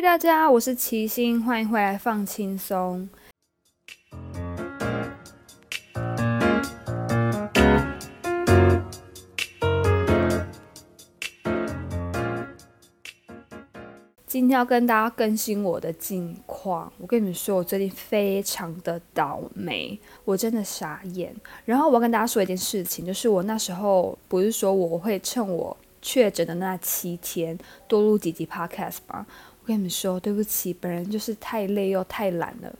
大家好，我是齊星。歡迎回來放輕鬆。今天要跟大家更新我的近況。我跟你們說，我最近非常的倒霉，我真的傻眼。然後我要跟大家說一件事情，就是我那時候不是說我會趁我確診的那七天多錄幾集 Podcast 嗎？我跟你們說，對不起，本人就是太累又太懶了，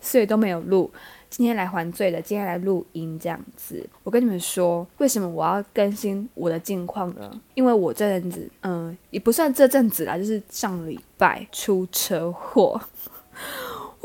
所以都沒有錄。今天來還罪的，今天來錄音這樣子。我跟你們說，為什麼我要更新我的近況呢？因為我這陣子，嗯，也不算這陣子啦，就是上禮拜出車禍。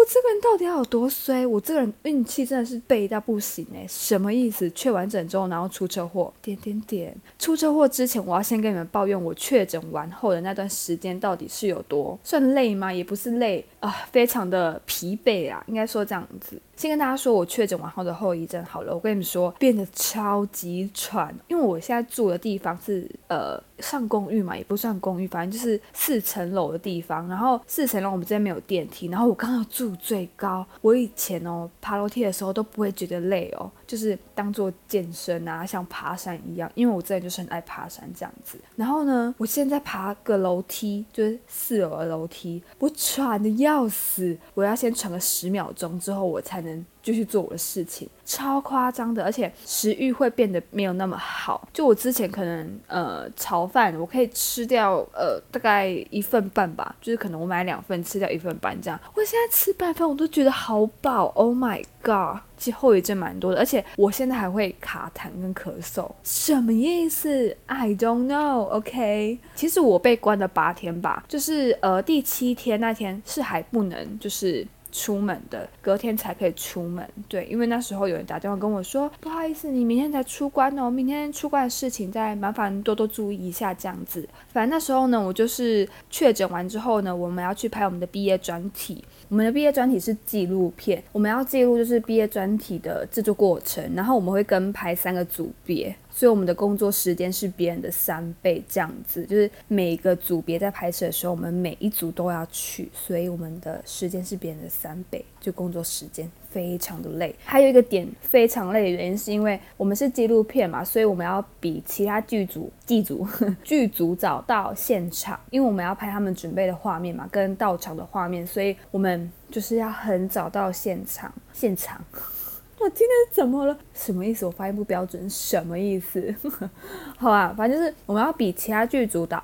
我這個人到底要有多衰？我這個人運氣真的是背到不行哎、欸！什麼意思？確診之後，然後出車禍，點點點。出車禍之前，我要先跟你們抱怨，我確診完後的那段時間到底是有多算累嗎？也不是累啊、呃，非常的疲憊啊，應該說這樣子。先跟大家說我確診完後的後遺症好了，我跟你們說，變得超級喘，因為我現在住的地方是呃。上公寓嘛，也不算公寓，反正就是四層樓的地方。然後四層樓我們這邊沒有電梯，然後我剛好住最高。我以前哦爬樓梯的時候都不會覺得累哦，就是當做健身啊，像爬山一樣，因為我真的就是很愛爬山這樣子。然後呢，我現在爬個樓梯，就是四樓的樓梯，我喘得要死，我要先喘個十秒鐘之後，我才能。就去做我的事情，超誇張的，而且食慾會變得沒有那麼好。就我之前可能呃炒飯我可以吃掉呃大概一份半吧，就是可能我買兩份吃掉一份半這樣。我現在吃半份我都覺得好飽，Oh my god！其實後遺症蠻多的，而且我現在還會卡痰跟咳嗽，什麼意思？I don't know。OK，其實我被關了八天吧，就是呃第七天那天是還不能就是。出門的隔天才可以出門，對，因為那時候有人打電話跟我說，不好意思，你明天才出關哦，明天出關的事情再麻煩多多注意一下這樣子。反正那時候呢，我就是確診完之後呢，我們要去拍我們的畢業專題。我們的畢業專題是紀錄片，我們要記錄就是畢業專題的制作過程，然後我們會跟拍三個組別，所以我們的工作時間是別人的三倍這樣子，就是每個組別在拍攝的時候，我們每一組都要去，所以我們的時間是別人的三倍，就工作時間。非常的累，還有一個點非常累的原因是因為我們是紀錄片嘛，所以我們要比其他劇組、組 劇組、劇組早到現場，因為我們要拍他們準備的畫面嘛，跟到場的畫面，所以我們就是要很早到現場。現場， 我今天怎麼了？什麼意思？我發音不標準，什麼意思？ 好吧，反正就是我們要比其他劇組早。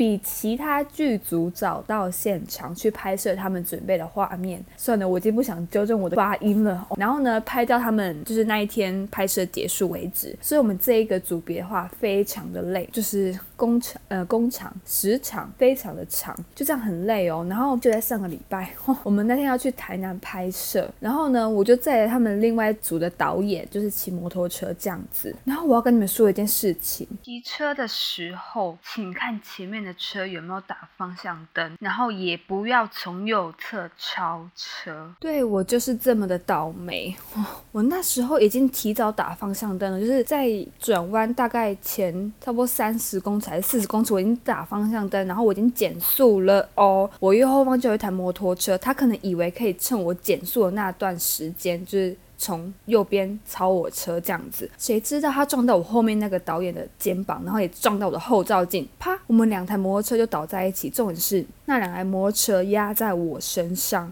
比其他劇組早到現場去拍攝他們準備的畫面，算了，我已經不想糾正我的發音了哦。然後呢，拍到他們就是那一天拍攝結束為止，所以我們這一個組別的話非常的累，就是工程，呃工廠，時長非常的長，就這樣很累哦。然後就在上個禮拜，呵呵我們那天要去台南拍攝，然後呢，我就載了他們另外一組的導演就是騎摩托車這樣子。然後我要跟你們說一件事情，騎車的時候請看前面的。車有沒有打方向燈？然後也不要從右側超車。對，我就是這麼的倒霉。哦，我那時候已經提早打方向燈了，就是在轉彎大概前差不多三十公尺，四十公尺，我已經打方向燈，然後我已經減速了哦。我右後方就有一台摩托車，他可能以為可以趁我減速的那段時間，就是。從右邊超我車這樣子，誰知道他撞到我後面那個導演的肩膀，然後也撞到我的後照鏡，啪，我們兩台摩托車就倒在一起。重點是那兩台摩托車壓在我身上。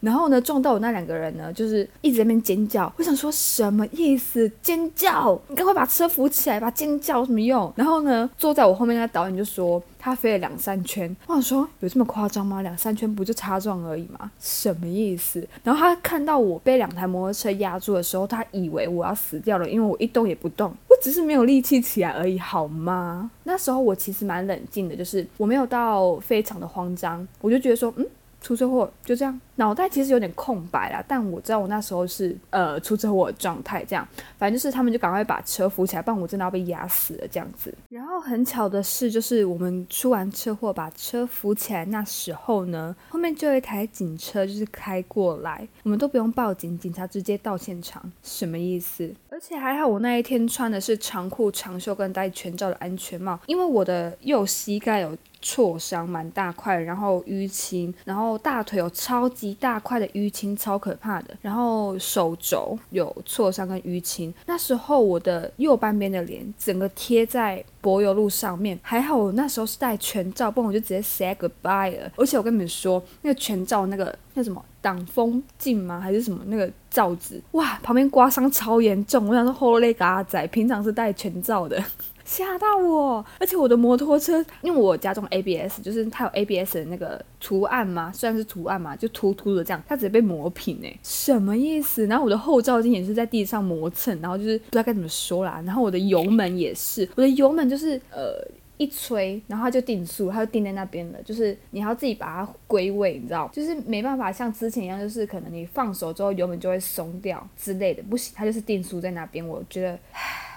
然後呢，撞到我那兩個人呢，就是一直在那邊尖叫。我想說，什麼意思？尖叫！你趕快把車扶起來吧！把尖叫有什麼用？然後呢，坐在我後面那導演就說，他飛了兩三圈。我想說，有這麼誇張嗎？兩三圈不就擦撞而已嗎？什麼意思？然後他看到我被兩台摩托車壓住的時候，他以為我要死掉了，因為我一動也不動。我只是沒有力氣起來而已，好嗎？那時候我其實蠻冷靜的，就是我沒有到非常的慌張，我就覺得說，嗯。出車禍就這樣，腦袋其實有點空白啦，但我知道我那時候是呃出車禍的狀態，這樣，反正就是他們就趕快把車扶起來，不然我真的要被壓死了這樣子。然後很巧的是，就是我們出完車禍把車扶起來那時候呢，後面就有一台警車就是開過來，我們都不用報警，警察直接到現場，什麼意思？而且還好我那一天穿的是長褲、長袖跟戴全罩的安全帽，因為我的右膝蓋有，挫傷蠻大塊，然後淤青，然後大腿有超級大塊的淤青，超可怕的。然後手肘有挫傷跟淤青。那時候我的右半邊的臉整個貼在柏油路上面，還好我那時候是戴全罩，不然我就直接 say goodbye 了。而且我跟你們說，那個全罩那個那什麼擋風鏡嗎？還是什麼那個罩子？哇，旁邊刮傷超嚴重，我想說好累個阿仔，平常是戴全罩的。嚇到我！而且我的摩托車，因為我加裝 ABS，就是它有 ABS 的那個圖案嘛，雖然是圖案嘛，就凸凸的這樣，它直接被磨平哎、欸，什麼意思？然後我的後照鏡也是在地上磨蹭，然後就是不知道該怎麼說啦。然後我的油門也是，我的油門就是呃一吹，然後它就定速，它就定在那邊了，就是你還要自己把它歸位，你知道就是沒辦法像之前一樣，就是可能你放手之後油門就會鬆掉之類的，不行，它就是定速在那邊。我覺得，哎。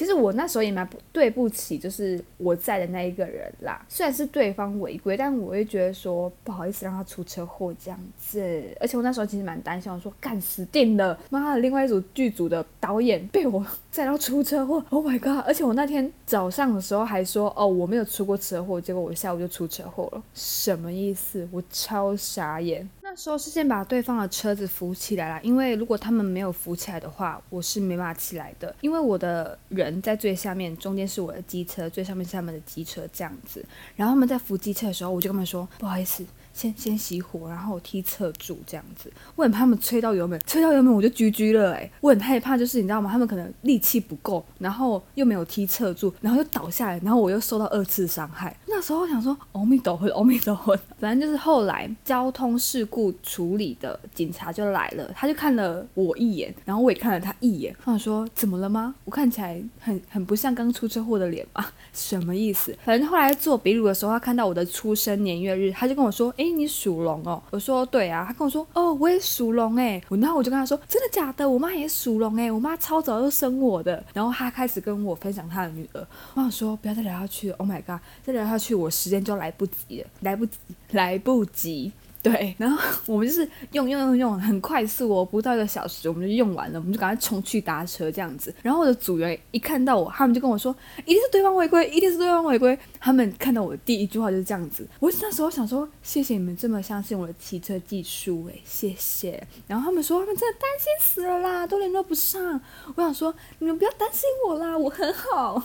其實我那時候也蠻對不起，就是我在的那一個人啦。雖然是對方違規，但我也覺得說不好意思讓他出車禍這樣子。而且我那時候其實蠻擔心，我說幹死定了，媽的！另外一組劇組的導演被我載到出車禍，Oh my god！而且我那天早上的時候還說哦我沒有出過車禍，結果我下午就出車禍了，什麼意思？我超傻眼。那時候是先把對方的車子扶起來了，因為如果他們沒有扶起來的話，我是沒辦法起來的。因為我的人在最下面，中間是我的機車，最上面是他們的機車這樣子。然後他們在扶機車的時候，我就跟他們說：“不好意思，先先熄火，然後我踢側柱這樣子。”我很怕他們催到油門，催到油門我就 GG 了，哎、欸，我很害怕，就是你知道嗎？他們可能力氣不夠，然後又沒有踢側柱，然後又倒下來，然後我又受到二次傷害。那時候我想說阿彌陀佛，阿彌陀佛，反正就是後來交通事故處理的警察就來了，他就看了我一眼，然後我也看了他一眼，然後我想說怎麼了嗎？我看起來很很不像剛出車禍的臉嗎？什麼意思？反正後來做筆錄的時候，他看到我的出生年月日，他就跟我說，哎、欸，你屬龍哦。我說對啊。他跟我說，哦，我也屬龍哎。我然後我就跟他說，真的假的？我媽也屬龍哎。我媽超早就生我的。然後他開始跟我分享他的女兒。我想說不要再聊下去了。Oh my god，再聊下去。去我時間就來不及了，來不及，來不及。對，然後我們就是用用用用很快速喔，不到一個小時我們就用完了，我們就趕快衝去搭車這樣子。然後我的組員一看到我，他們就跟我說：“一定是對方違規，一定是對方違規。”他們看到我的第一句話就是這樣子。我那時候想說：“謝謝你們這麼相信我的騎車技術，誒，謝謝。”然後他們說：“他們真的擔心死了啦，都聯絡不上。”我想說：“你們不要擔心我啦，我很好啊。”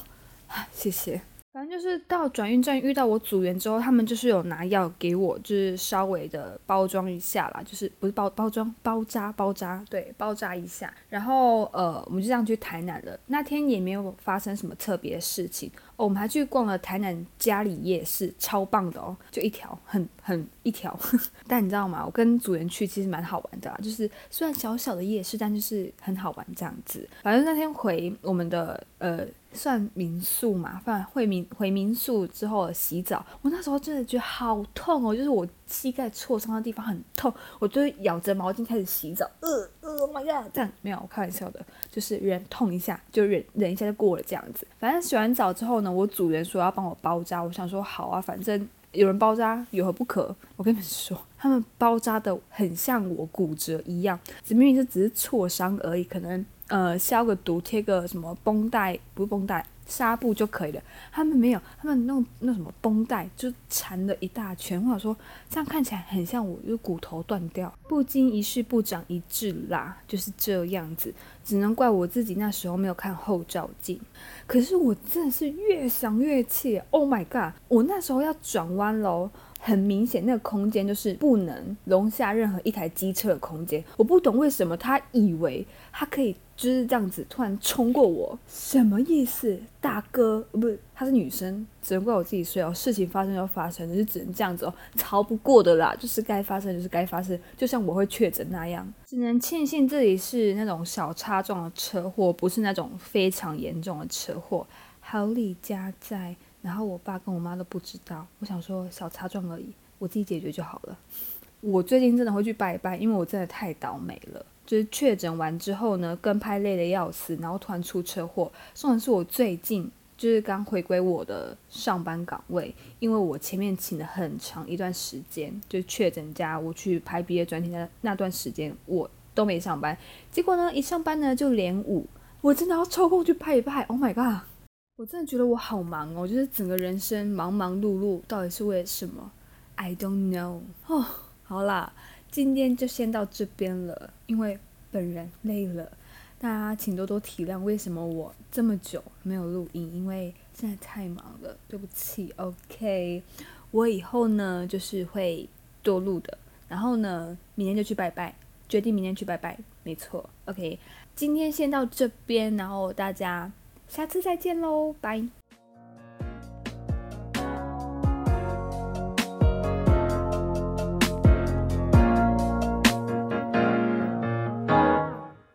謝謝。反正就是到轉運站遇到我組員之後，他們就是有拿藥給我，就是稍微的包裝一下啦，就是不是包包裝，包紮包紮，對，包紮一下，然後呃，我們就這樣去台南了。那天也沒有發生什麼特別的事情。哦，我們還去逛了台南佳里夜市，超棒的哦！就一條，很很一條。 但你知道嗎？我跟主人去其實蠻好玩的啊，就是雖然小小的夜市，但就是很好玩這樣子。反正那天回我們的呃算民宿嘛，反正回民回民宿之後洗澡，我那時候真的覺得好痛哦，就是我膝蓋挫傷的地方很痛，我就咬着毛巾開始洗澡，呃。Oh my God，這樣沒有，我開玩笑的，就是忍痛一下，就忍忍一下就過了這樣子。反正洗完澡之後呢，我主人說要幫我包扎，我想說好啊，反正有人包扎有何不可？我跟你們說。他們包紮得很像我骨折一樣，明明就只是挫傷而已，可能呃消個毒貼個什麼繃帶，不是繃帶紗布就可以了。他們沒有，他們弄那什麼繃帶就纏了一大圈，或者說這樣看起來很像我就骨頭斷掉，不經一事不長一智啦，就是這樣子，只能怪我自己那時候沒有看後照鏡。可是我真的是越想越氣，Oh my God！我那時候要轉彎嘍。很明顯，那個空間就是不能容下任何一台機車的空間。我不懂為什麼他以為他可以，就是這樣子突然衝過我，什麼意思？大哥，不，她是女生，只能怪我自己說。所有事情發生就發生的，就只能這樣子哦，逃不過的啦。就是該發生就是該發生，就像我會確診那樣，只能慶幸這裡是那種小擦撞的車禍，不是那種非常嚴重的車禍。好佳在。然後我爸跟我媽都不知道，我想說小擦撞而已，我自己解決就好了。我最近真的會去拜一拜，因為我真的太倒霉了。就是確診完之後呢，跟拍累得要死，然後突然出車禍，算是我最近就是剛回歸我的上班崗位，因為我前面請了很長一段時間，就是確診加我去拍畢業專題的那段時間我都沒上班，結果呢一上班呢就連五，我真的要抽空去拜一拜，Oh my god！我真的覺得我好忙哦，就是整個人生忙忙碌碌，到底是為了什麼？I don't know。哦，好啦，今天就先到這邊了，因為本人累了，大家請多多體諒。為什麼我這麼久沒有錄音？因為現在太忙了，對不起。OK，我以後呢就是會多錄的。然後呢，明天就去拜拜，決定明天去拜拜，沒錯。OK，今天先到這邊，然後大家。下次再見嘍，拜。